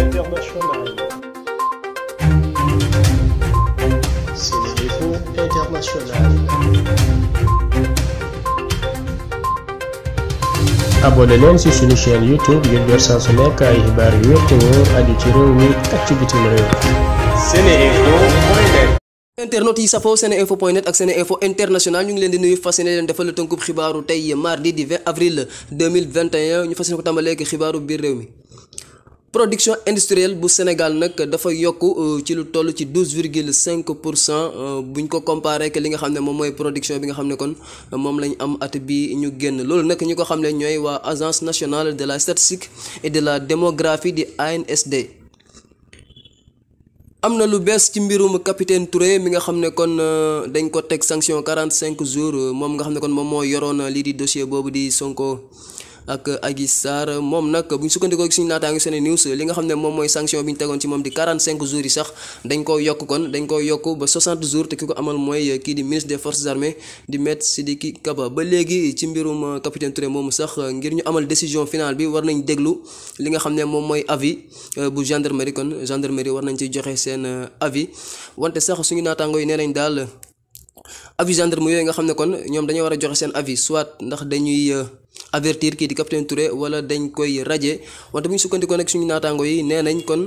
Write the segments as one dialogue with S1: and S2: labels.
S1: internationale. Scénario international. su nekk ay xibaar yu wér te wóor aju ci réew mi ak yi safoo seneinfo point net ak seneinfo international ñu ngi leen di nuyu fas leen defal la xibaaru tey mardi di 20 avril 2021 ñu fas yéene ko tàmbalee ak xibaaru biir réew mi. production industrielle bu Sénégal nag dafa yokk euh, ci lu toll ci douze virgule cinq pour cent euh, buñ ko comparé ak li nga xam ne moom mooy production bi nga xam ne kon euh, moom lañ am at bi ñu génn loolu nag ñu ko xam ne ñooy waa agence nationale de la statistique et de la démographie di ANSD. am na lu bees ci mbirum capitaine Touré mi nga xam ne kon dañ ko teg sanction quarante cinq jours moom nga xam ne kon moom moo yoroon lii di dossier boobu di Sonko. ak Adji Sarr moom nag bu ñu sukkandikoo suñu naataangi seen news li nga xam ne moom mooy sanction bi ñu tegoon ci moom di 45 jours yi sax dañ koo yokk kon dañ koo yokk ba 60 jours te ki ko amal mooy kii di ministre des forces armées di maître Sidiki Kaba ba léegi ci mbirum capitaine Touré moomu sax ngir ñu amal décision finale bi war nañ déglu li nga xam ne moom mooy avis euh, bu gendarmerie kon gendarmerie war nañ ci joxe seen euh, avis wante sax suñu naataango yi nee nañ daal avis gendarme yooyu nga xam ne kon ñoom dañoo war a joxe seen avis soit ndax dañuy euh, avertir kii di capitaine Touré wala dañ koy radier wante bu ñu sukkandikoo nag suñu naataango yi nee nañ kon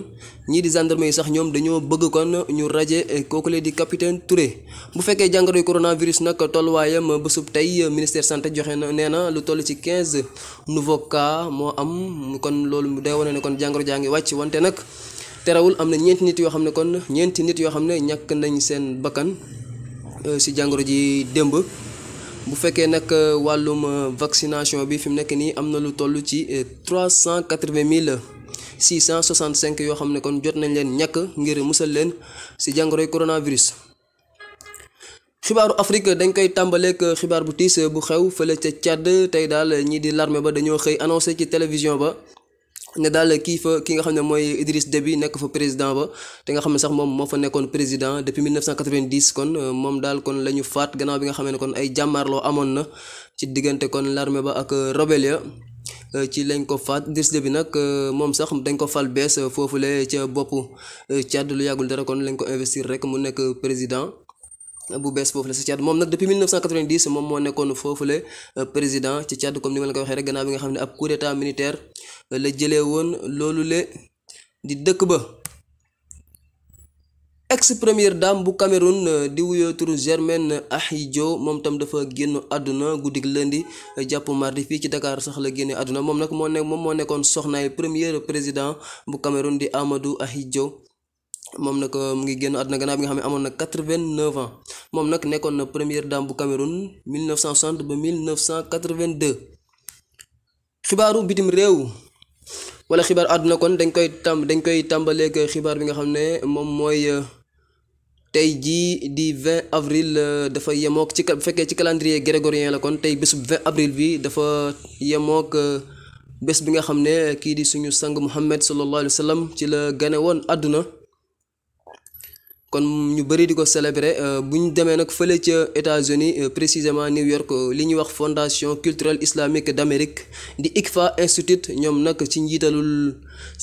S1: ñii di gendarme yi sax ñoom dañoo bëgg kon ñu radier euh, kooku lee di capitaine Touré. bu fekkee jàngoroy coronavirus nag tolluwaayam bésub tey euh, ministère santé joxe na nee na lu toll ci quinze nouveau cas moo am kon loolu day wane ne kon jàngoro jaa ngi wàcc wante nag terewul am na ñeenti nit yoo xam ne kon ñeenti nit yoo xam ne ñàkk nañ seen bakkan. Euh, si jàngoro ji démb bu fekkee nag euh, wàllum euh, vaccination bi fi mu nekk nii am na lu toll ci trois cent quatre mille six cent soixante yoo xam ne kon jot nañ leen ñàkk ngir musal leen si jàngoroy coronavirus. xibaaru Afrique dañ koy tàmbaleek xibaar bu tiis bu xew fële ca Tchad tey daal ñii di l'armée ba dañoo xëy annoncé ci télévision ba ne daal kii fa ki nga xam ne mooy Idriss Déby nekk fa président ba te nga xam ne sax moom moo fa nekkoon président depuis 1990 kon euh, moom daal kon la ñu faat gannaaw nga xam ne kon ay jàmmaarloo amoon na ci diggante kon l'armée ba ak euh, rebelle euh, ci lañ ko faat Idriss Déby nag moom sax dañ ko fal bees foofule ca boppu Tchad lu yàggul dara kon lañ ko investir rek mu nekk président bu foofu la moo nekkoon foofule président ci Tchad comme ni ma la ko waxee rek gannaaw bi nga xam ne ab coup d'état militaire la jële woon loolu le di dëkk ba ex première dame bu Cameroun euh, di wuyoo turu Germaine Ahy Diop moom tam dafa génn àdduna guddik lundi jàpp mardi fii ci Dakar sax la génne àdduna moom nag moo nekk moom moo nekkoon soxnaay premier président bu Cameroun di Amadou Ahy Diop moom nag euh, mu ngi génn àdduna gannaaw bi nga xam ne amoon na quatre-vingt-neuf ans moom nag nekkoon na première dame bu Cameroun 1960 ba 1982 xibaaru bitim réew. wala xibaar àdduna kon dañ koy tam dañ koy tàmbaleeg xibaar bi nga xam ne moom mooy euh, tey jii di 20 avril euh, dafa yemook ci bu fekkee ci calendrier grégorien la kon tey bésub 20 avril bi dafa yemook euh, bés bi nga xam ne kii di suñu sang Muhammad sallallahu alayhi wa ci la gane woon àdduna kon ñu bëri di ko célébrer euh, bu ñu demee nag fële ca États-Unis euh, précisément New York euh, li ñuy wax fondation culturelle islamique d'Amérique di ICFA Institute ñoom nag ci njiitalul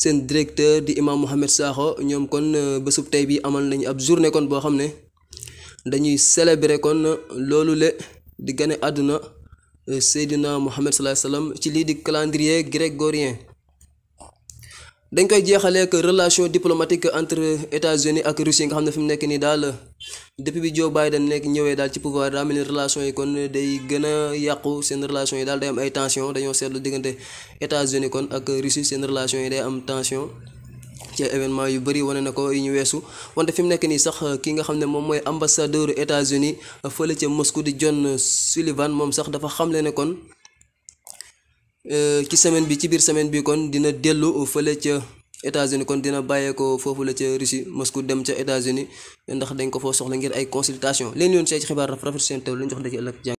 S1: seen directeur di imam Mohamed Sakho ñoom kon bésub tey bi amal nañu ab journée kon boo xam ne dañuy célébrer kon loolu le di gane àdduna Seydina Mohamed sallallahu alayhi wasallam ci lii di calendrier grégorien dañ koy jeexalee relation diplomatique entre États-Unis ak Russie nga xam ne fi mu nekk nii daal depuis bi Joe Biden nekk ñëwee daal ci pouvoir daa mel ni relation yi kon day gën a yàqu seen relation yi daal day am ay tension dañoo seetlu diggante États-Unis kon ak Russie seen relation yi day am tension. ci événement yu bëri wane na ko yu ñu weesu wante fi mu nekk nii sax ki nga xam ne moom mooy ambassadeur États-Unis fële ca Moscou di John Sullivan moom sax dafa xamle ne kon. Euh, ci semaine bi ci biir semaine bi kon dina dellu fële ca États-Unis kon dina bàyyeekoo foofu la ca Russie Moscou dem ca États-Unis ndax dañ ko foo soxla ngir ay consultation leen yoon see ci xibaar raf rafet seen teew lu ñu jox da ci jàng